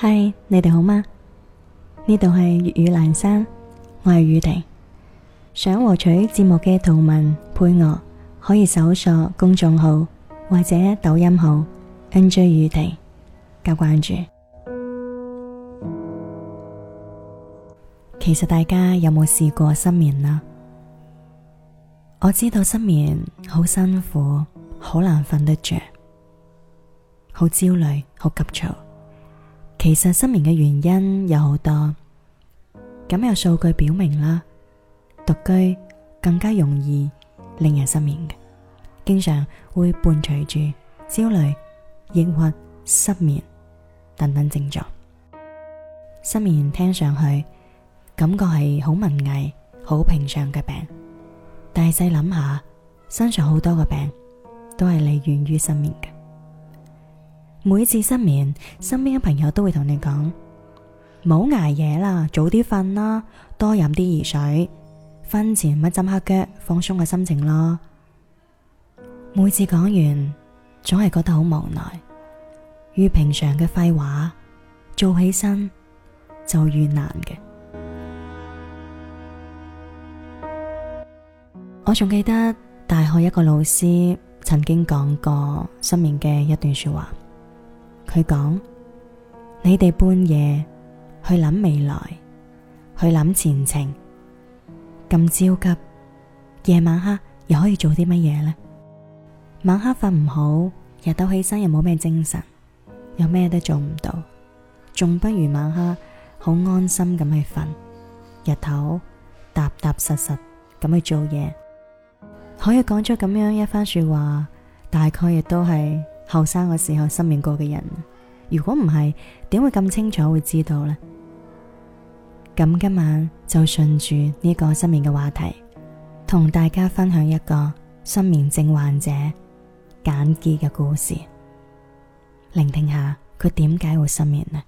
嗨，Hi，你哋好嗎？呢度係粵語闌山，我係宇婷。想獲取節目嘅圖文配樂，可以搜索公眾號或者抖音號 NJ 宇婷加關注。其實大家有冇試過失眠啊？我知道失眠好辛苦，好難瞓得着，好焦慮，好急躁。其實失眠嘅原因有好多，咁有數據表明啦，獨居更加容易令人失眠嘅，經常會伴隨住焦慮、抑鬱、失眠等等症狀。失眠聽上去感覺係好文藝、好平常嘅病，但係細諗下，身上好多嘅病都係嚟源於失眠嘅。每次失眠，身邊嘅朋友都會同你講：冇捱夜啦，早啲瞓啦，多飲啲熱水，瞓前咪浸下腳，放鬆個心情咯。每次講完，總係覺得好無奈。越平常嘅廢話，做起身就越難嘅。我仲記得大學一個老師曾經講過失眠嘅一段說話。佢講：你哋半夜去諗未來，去諗前程，咁焦急。夜晚黑又可以做啲乜嘢呢？晚黑瞓唔好，日頭起身又冇咩精神，又咩都做唔到，仲不如晚黑好安心咁去瞓，日頭踏踏實實咁去做嘢。可以講咗咁樣一番說話，大概亦都係。後生嘅時候失眠過嘅人，如果唔係，點會咁清楚會知道呢？咁今晚就順住呢個失眠嘅話題，同大家分享一個失眠症患者簡潔嘅故事，聆聽下佢點解會失眠呢。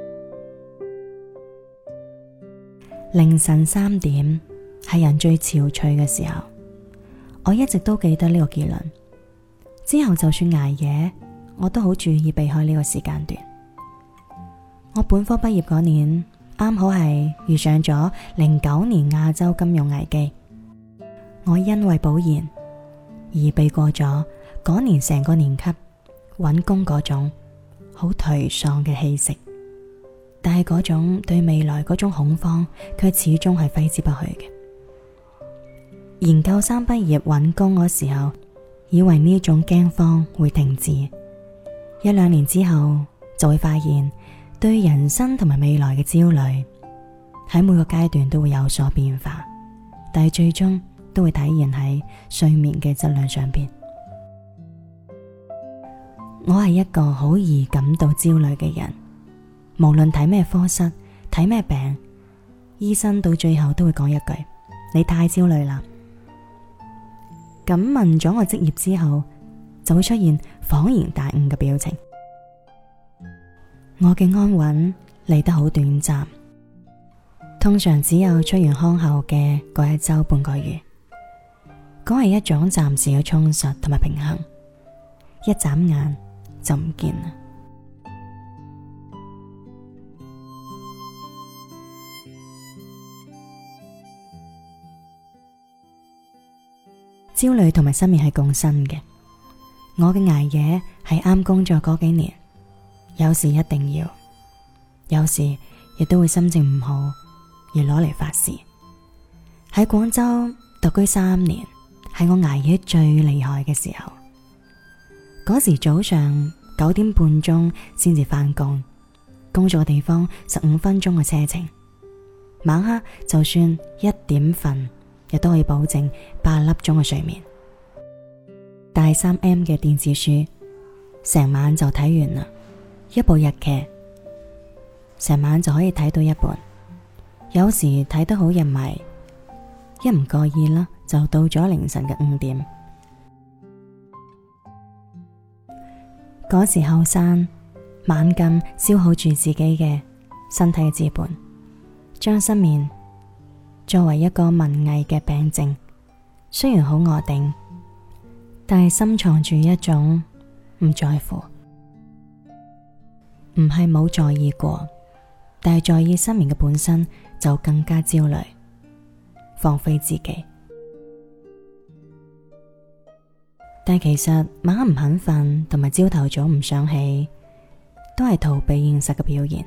凌晨三點係人最憔悴嘅時候。我一直都記得呢個結論。之後就算挨夜，我都好注意避開呢個時間段。我本科畢業嗰年，啱好係遇上咗零九年亞洲金融危機。我因為保研而避過咗嗰年成個年級揾工，嗰種好頹喪嘅氣息。但係嗰種對未來嗰種恐慌，卻始終係揮之不去嘅。研究生畢業揾工嗰時候，以為呢種驚慌會停止，一兩年之後就會發現，對人生同埋未來嘅焦慮，喺每個階段都會有所變化，但係最終都會體現喺睡眠嘅質量上面。我係一個好易感到焦慮嘅人，無論睇咩科室、睇咩病，醫生到最後都會講一句：你太焦慮啦。咁問咗我職業之後，就會出現恍然大悟嘅表情。我嘅安穩嚟得好短暫，通常只有出完刊後嘅嗰一周半個月，嗰係一種暫時嘅充實同埋平衡，一眨眼就唔見啦。焦慮同埋失眠係共生嘅，我嘅捱夜係啱工作嗰幾年，有時一定要，有時亦都會心情唔好而攞嚟發泄。喺廣州獨居三年，係我捱夜最厲害嘅時候。嗰時早上九點半鐘先至返工，工作嘅地方十五分鐘嘅車程，晚黑就算一點瞓。亦都可以保證八粒鐘嘅睡眠。大三 M 嘅電子書，成晚就睇完啦。一部日劇，成晚就可以睇到一半。有時睇得好入迷、迷，一唔過意啦，就到咗凌晨嘅五點。嗰時候後生，晚禁，消耗住自己嘅身體嘅資本，將失眠，作為一個文藝嘅病症，雖然好惡頂，但係深藏住一種唔在乎，唔係冇在意過，但係在意失眠嘅本身就更加焦慮，放飛自己。但其實晚黑唔肯瞓，同埋朝頭早唔想起，都係逃避現實嘅表現。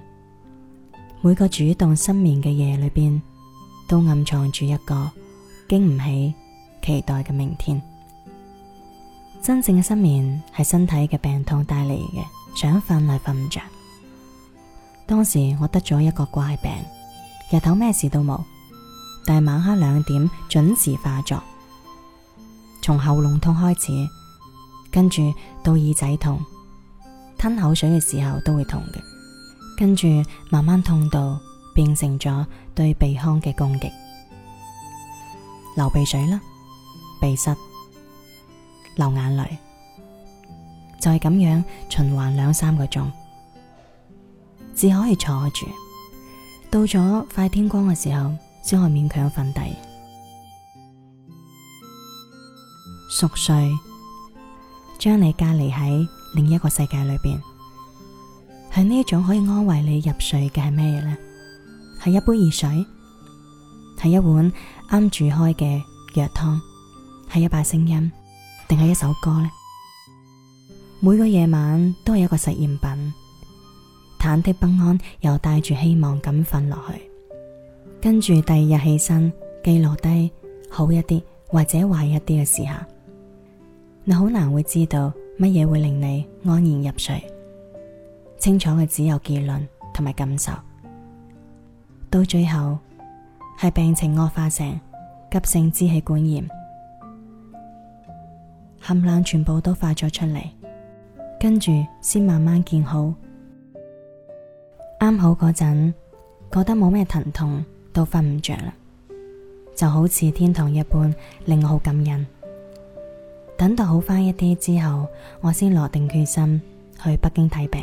每個主動失眠嘅夜裏邊，都暗藏住一個經唔起期待嘅明天。真正嘅失眠係身體嘅病痛帶嚟嘅，想瞓係瞓唔着。當時我得咗一個怪病，日頭咩事都冇，但係晚黑兩點準時化作，從喉嚨痛開始，跟住到耳仔痛，吞口水嘅時候都會痛嘅，跟住慢慢痛到。變成咗對鼻腔嘅攻擊，流鼻水啦，鼻塞，流眼淚，就係咁樣循環兩三個鐘，只可以坐住。到咗快天光嘅時候，先可以勉強瞓低熟睡，將你隔離喺另一個世界裏邊。係呢種可以安慰你入睡嘅係咩呢？係一杯熱水，係一碗啱煮開嘅藥湯，係一把聲音，定係一首歌呢？每個夜晚都係一個實驗品，忐忑不安又帶住希望咁瞓落去，跟住第二日起身記落低好一啲或者壞一啲嘅時候，你好難會知道乜嘢會令你安然入睡。清楚嘅只有結論同埋感受。到最後係病情惡化成急性支氣管炎，冚冷全部都化咗出嚟，跟住先慢慢見好。啱好嗰陣覺得冇咩疼痛都，都瞓唔着，就好似天堂一般，令我好感人。等到好翻一啲之後，我先落定決心去北京睇病。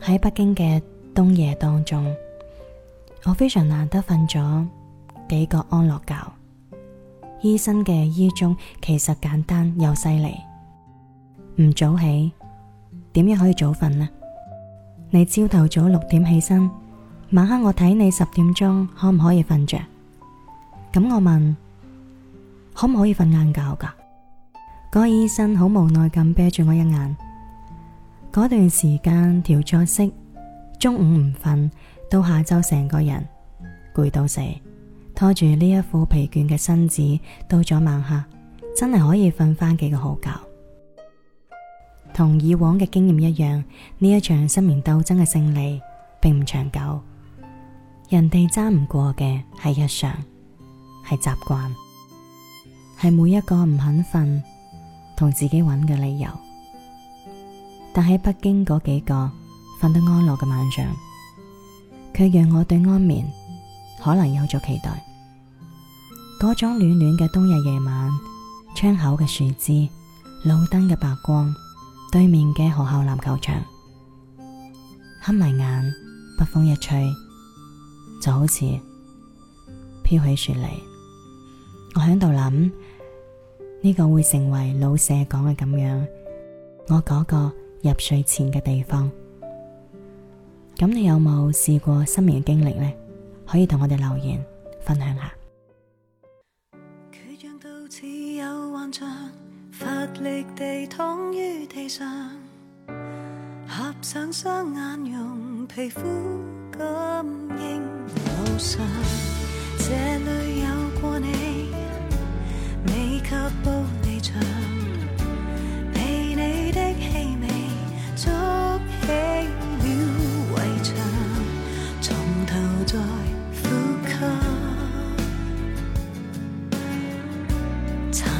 喺北京嘅冬夜當中。我非常難得瞓咗幾個安樂覺。醫生嘅醫中其實簡單又犀利，唔早起點樣可以早瞓呢？你朝頭早六點起身，晚黑我睇你十點鐘可唔可以瞓着？咁我問，可唔可以瞓晏覺噶？嗰個醫生好無奈咁啤住我一眼。嗰段時間調咗息，中午唔瞓。到下晝，成個人攰到死，拖住呢一副疲倦嘅身子，到咗晚黑，真係可以瞓翻幾個好覺。同以往嘅經驗一樣，呢一場失眠鬥爭嘅勝利並唔長久。人哋爭唔過嘅係日常，係習慣，係每一個唔肯瞓同自己揾嘅理由。但喺北京嗰幾個瞓得安樂嘅晚上，卻讓我對安眠可能有咗期待。嗰種暖暖嘅冬日夜晚，窗口嘅樹枝、老燈嘅白光、對面嘅學校籃球場，黑埋眼，北風一吹，就好似飄起雪嚟。我喺度諗，呢個會成為老舍講嘅咁樣，我嗰個入睡前嘅地方。咁你有冇試過失眠嘅經歷呢？可以同我哋留言分享下。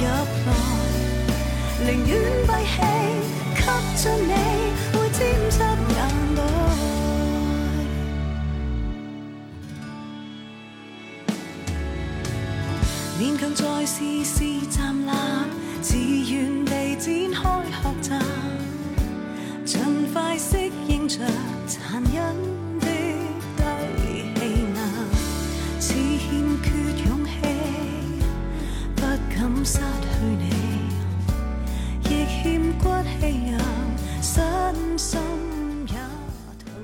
入來， 寧願閉氣，吸進你會沾濕眼淚。 勉強再試試站立，自願地展開學習，盡快適應着殘忍。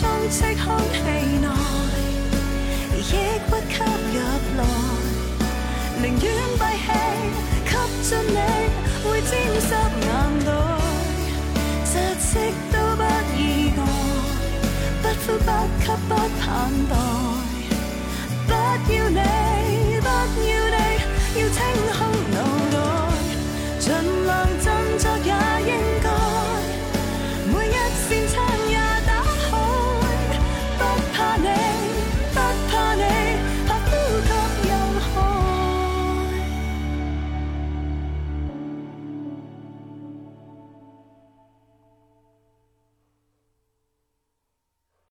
充斥空氣內，亦不吸入來，寧願閉氣吸進你會沾濕眼袋，窒息都不意外，不呼不吸不盼待，不要你，不要你，要清空。